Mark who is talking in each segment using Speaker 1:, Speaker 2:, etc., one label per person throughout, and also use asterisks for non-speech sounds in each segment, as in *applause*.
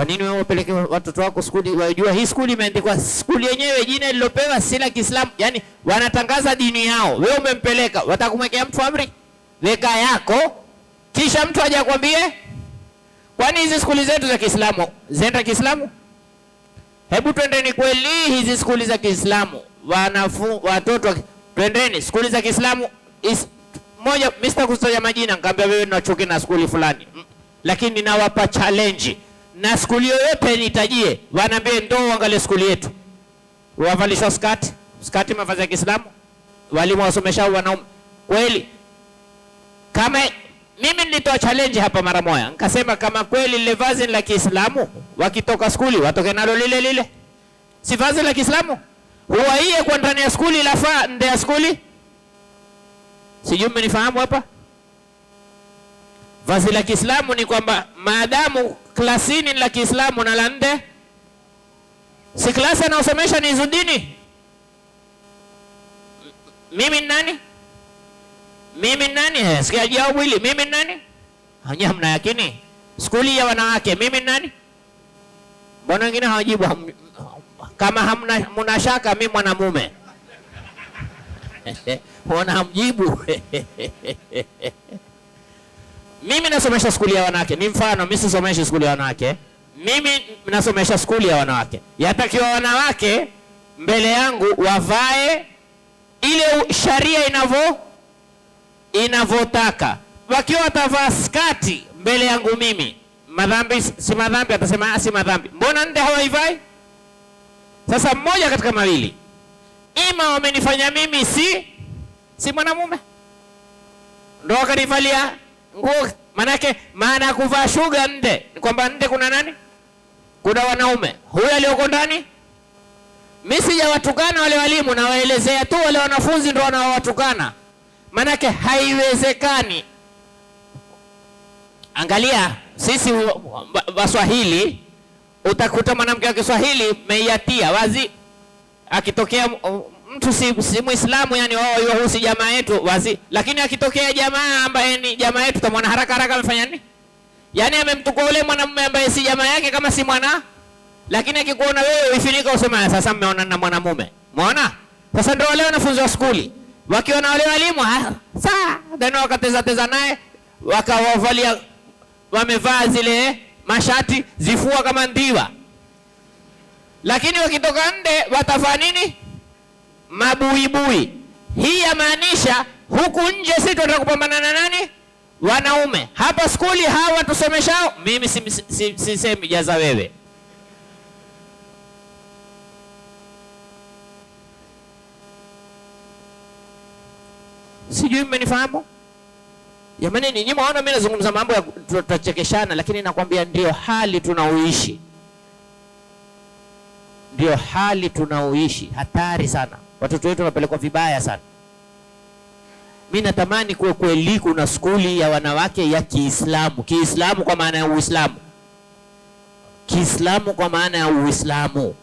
Speaker 1: Kwa nini wewe upeleke watoto wako skuli? Wajua hii skuli imeandikwa, skuli yenyewe jina lilopewa si la Kiislamu, yaani wanatangaza dini yao, wewe umempeleka. Watakumwekea mtu amri, weka yako, kisha mtu aje akwambie. Kwani hizi skuli zetu za Kiislamu zenda Kiislamu? Hebu twendeni kweli hizi skuli za Kiislamu, wanafu watoto, twendeni skuli za Kiislamu is moja. Mr. kusoja majina, nikamwambia wewe, nina na skuli fulani, mm. lakini ninawapa challenge na skuli yoyote nitajie, wanaambia ndoo angalie skuli yetu, wavalishwa skati, skati mavazi ya Kiislamu, walimu wasomesha wanaume kweli. Kama mimi nilitoa challenge hapa mara moja, nikasema kama kweli lile vazi la Kiislamu, wakitoka skuli watoke nalo lile lile, si vazi la Kiislamu huwa iye kwa ndani ya skuli lafaa nde ya skuli, sijui mmenifahamu hapa. Vazi la Kiislamu ni kwamba maadamu klasini la Kiislamu na la nne si klasi anaosomesha ni Izudini. Mimi nani? Mimi nani? Eh, sikia jawabu hili, mimi nani? Hanya mna yakini skuli ya wanawake, mimi nani? Mbona wengine hawajibu ham... kama hamna mnashaka, mimi mwanamume *laughs* mbona hamjibu? *laughs* Mimi nasomesha skuli ya wanawake, ni mfano. Mimi sisomeshi skuli ya wanawake, mimi nasomesha skuli ya wanawake. Yatakiwa wanawake mbele yangu wavae ile sharia inavyo inavyotaka. Wakiwa watavaa skati mbele yangu mimi, madhambi si madhambi, atasema ah, si madhambi, mbona nde hawaivai? Sasa mmoja katika mawili, ima wamenifanya mimi si si mwanamume, ndo wakanivalia nguo manake, maana ya kuvaa shuga nde ni kwamba nde kuna nani? Kuna wanaume. Huyo alioko ndani, mimi sijawatukana wale walimu, nawaelezea tu wale wanafunzi ndio wanaowatukana, manake haiwezekani. Angalia sisi Waswahili, utakuta mwanamke wa Kiswahili meiatia wazi akitokea um, mtu si, si Muislamu yani wao oh, yuhusi jamaa yetu wazi, lakini akitokea jamaa ambaye ni jamaa yetu kama haraka haraka amefanya nini? Yani amemtukua yule mwanamume ambaye si jamaa yake, kama si mwana, lakini akikuona wewe uifinika usema ah, sasa mmeona na mwanamume. Umeona? Sasa ndio wale wanafunzi wa skuli wakiona wale walimu ah, saa then wakateza teza naye wakawavalia, wamevaa zile mashati zifua kama ndiwa, lakini wakitoka nde watafanya nini? mabuibui. Hii yamaanisha huku nje si tunataka kupambana na nani? Wanaume. Hapa skuli hawa tusomeshao, mimi sisemi si, si, jaza wewe Sijui mmenifahamu jamani? Ninyi mwaona mimi nazungumza mambo ya tutachekeshana, lakini nakwambia ndio hali tunaoishi, ndio hali tunaoishi, hatari sana. Watoto wetu wanapelekwa vibaya sana. mi natamani kuwe kweli kuna skuli ya wanawake ya Kiislamu, Kiislamu kwa maana ya Uislamu, Kiislamu kwa maana ya Uislamu,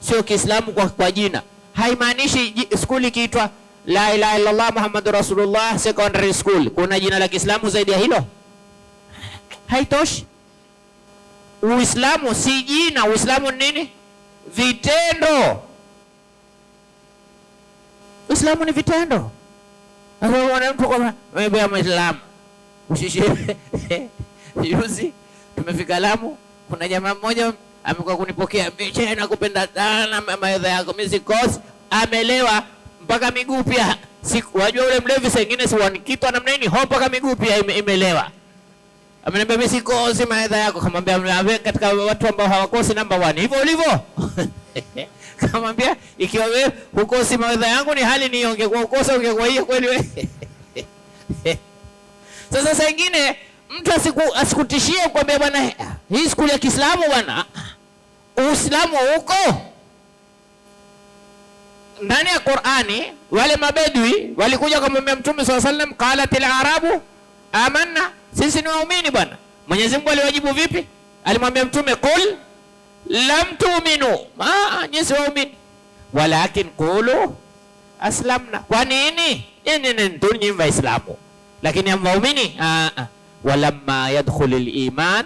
Speaker 1: sio Kiislamu kwa, kwa jina. Haimaanishi skuli ikiitwa la ilaha illallah Muhammadur Rasulullah secondary school kuna jina la Kiislamu zaidi ya hilo? Haitoshi. Uislamu si jina. Uislamu ni nini? Vitendo. Uislamu ni vitendo. Muislamu *laughs* Juzi tumefika Lamu, kuna jamaa mmoja amekuwa kunipokea biche na kupenda sana maedha yako mimi course, amelewa mpaka miguu pia. Si wajua ule mlevi saa ingine si namna nini, ho mpaka miguu pia imelewa Ameniambia mimi sikosi maedha yako. Kamwambia katika watu ambao hawakosi number one. Hivyo ulivyo. *laughs* Kamwambia ikiwa wewe hukosi maedha yangu ni hali ni yonge ungekuwa ukosa ungekuwa hiyo kweli wewe. *laughs* Sasa saa nyingine mtu asiku, asikutishie kwambia bwana hii skuli ya Kiislamu bwana Uislamu huko ndani ya Qur'ani. Wale mabedui walikuja kumwambia Mtume swalla sallam, qalat al-arabu amanna, sisi ni waumini bwana. Mwenyezi Mungu aliwajibu vipi? Alimwambia Mtume, qul lam tu'minu, nyinyi waumini, walakin qulu aslamna. Kwa nini? Nyinyi ni tu nyinyi Waislamu, lakini hamwaumini. Ah, ah. Walamma yadkhulul iman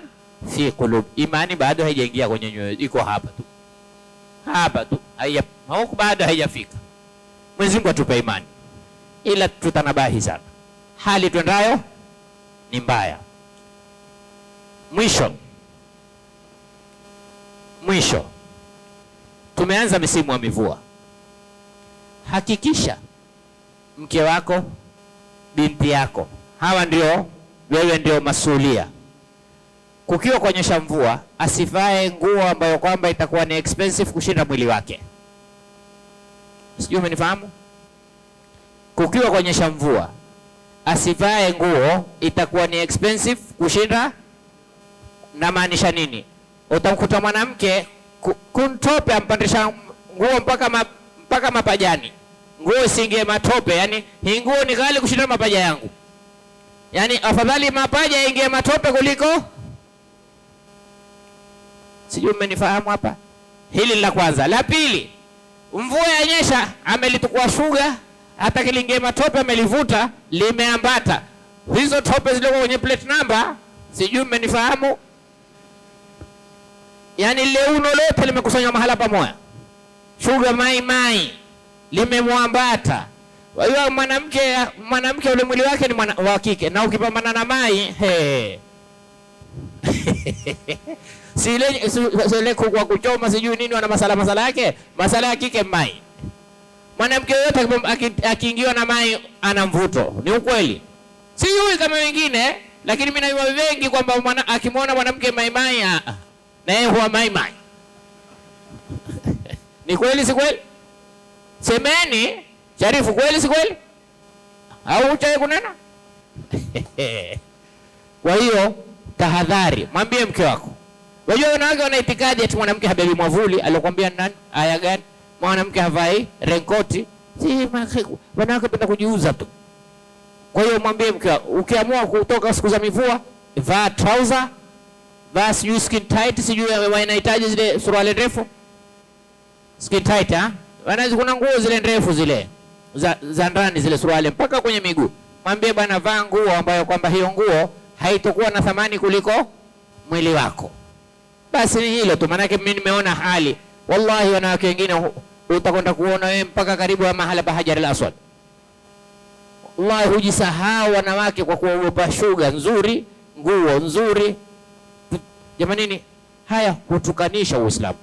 Speaker 1: fi qulub, imani bado haijaingia kwenye nyoyo, iko hapa tu, hapa tu, huku bado haijafika. Mwenyezi Mungu atupe imani, ila tutanabahi sana hali twendayo ni mbaya. Mwisho mwisho, tumeanza msimu wa mivua. Hakikisha mke wako, binti yako, hawa ndio wewe, ndio masulia. Kukiwa kuonyesha mvua, asivae nguo ambayo kwamba itakuwa ni expensive kushinda mwili wake. Sijui umenifahamu? Kukiwa kuonyesha mvua asivae nguo itakuwa ni expensive kushinda. Namaanisha nini? Utamkuta mwanamke kuntope ampandisha nguo mpaka ma, mpaka mapajani, nguo singe matope. Yani hii nguo ni ghali kushinda mapaja yangu, yani afadhali mapaja yaingie matope kuliko sijui. Mmenifahamu hapa? Hili la kwanza. La pili, mvua yanyesha, amelitukua shuga, hata kilingie matope amelivuta limeambata hizo tope zilikuwa kwenye plate number, sijui mmenifahamu. Yani leuno lote limekusanywa mahala pamoja, shuga mai limemwambata. Kwa hiyo mwanamke mwanamke ule mwili wake ni mwana, wa kike na ukipambana na mai hey. *laughs* sile, sile kwa kuchoma sijui nini, wana masala masala yake masala ya kike mai Mwanamke yoyote akiingiwa na mai ana mvuto, ni ukweli. Sijui kama wengine, lakini mimi naua wengi kwamba mwana, akimwona mwanamke maimai ah, ah, na yeye huwa maimai. *laughs* Ni kweli si kweli? Semeni Sharifu, kweli si kweli? au uchae kunena? *laughs* Kwa hiyo tahadhari, mwambie mke wako. Wajua wanawake wana itikadi eti mwanamke habebi mwavuli. Alikwambia nani? Aya gani? mwanamke havai renkoti, si wanawake penda kujiuza tu. Kwa hiyo mwambie mke, ukiamua kutoka siku za mivua, vaa trouser, vaa sijui skin tight, sijui wanahitaji zile suruali ndefu skin tight ah, wanaweza kuna nguo zile ndefu zile za, za ndani zile suruali mpaka kwenye miguu. Mwambie bwana, vaa nguo ambayo kwamba hiyo nguo haitakuwa na thamani kuliko mwili wako. Basi ni hilo tu, maanake mimi nimeona hali wallahi, wanawake wengine utakwenda kuona wewe mpaka karibu ya mahala pa Hajar al-Aswad. Wallahi, hujisahau wanawake kwa kuogopa shuga nzuri, nguo nzuri. Jamanini, haya hutukanisha Uislamu.